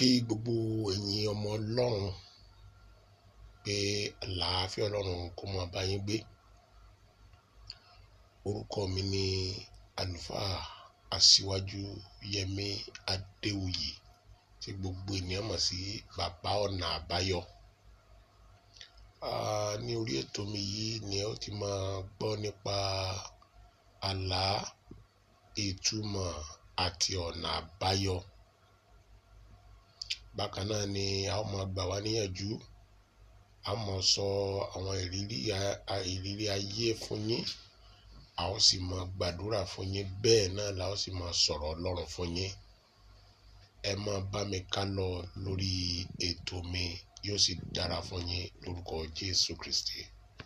kí gbogbo ẹ̀yin ọmọ Ọlọ́run pé àlàáfíà Ọlọ́run kó máa bá yín gbé. Orúkọ mi ni àlùfáà Aṣíwájú Yẹmí Adéwuyì tí gbogbo ènìyàn mọ̀ sí Bàbá Ọ̀nà Àbáyọ. Ní orí ètò mi yìí ni ó ti máa gbọ́ nípa àlá, ìtumọ̀ àti ọ̀nà àbáyọ bákan náà ni a ó máa gbà wá níyànjú a ó máa sọ àwọn ìrírí ayé fún yín a ó sì máa gbàdúrà fún yín bẹ́ẹ̀ náà la ó sì máa sọ̀rọ̀ ọlọ́run fún yín ẹ máa bá mi ká lọ lórí ètò mi yóò sì dára fún yín lórúkọ Jésù Kristi.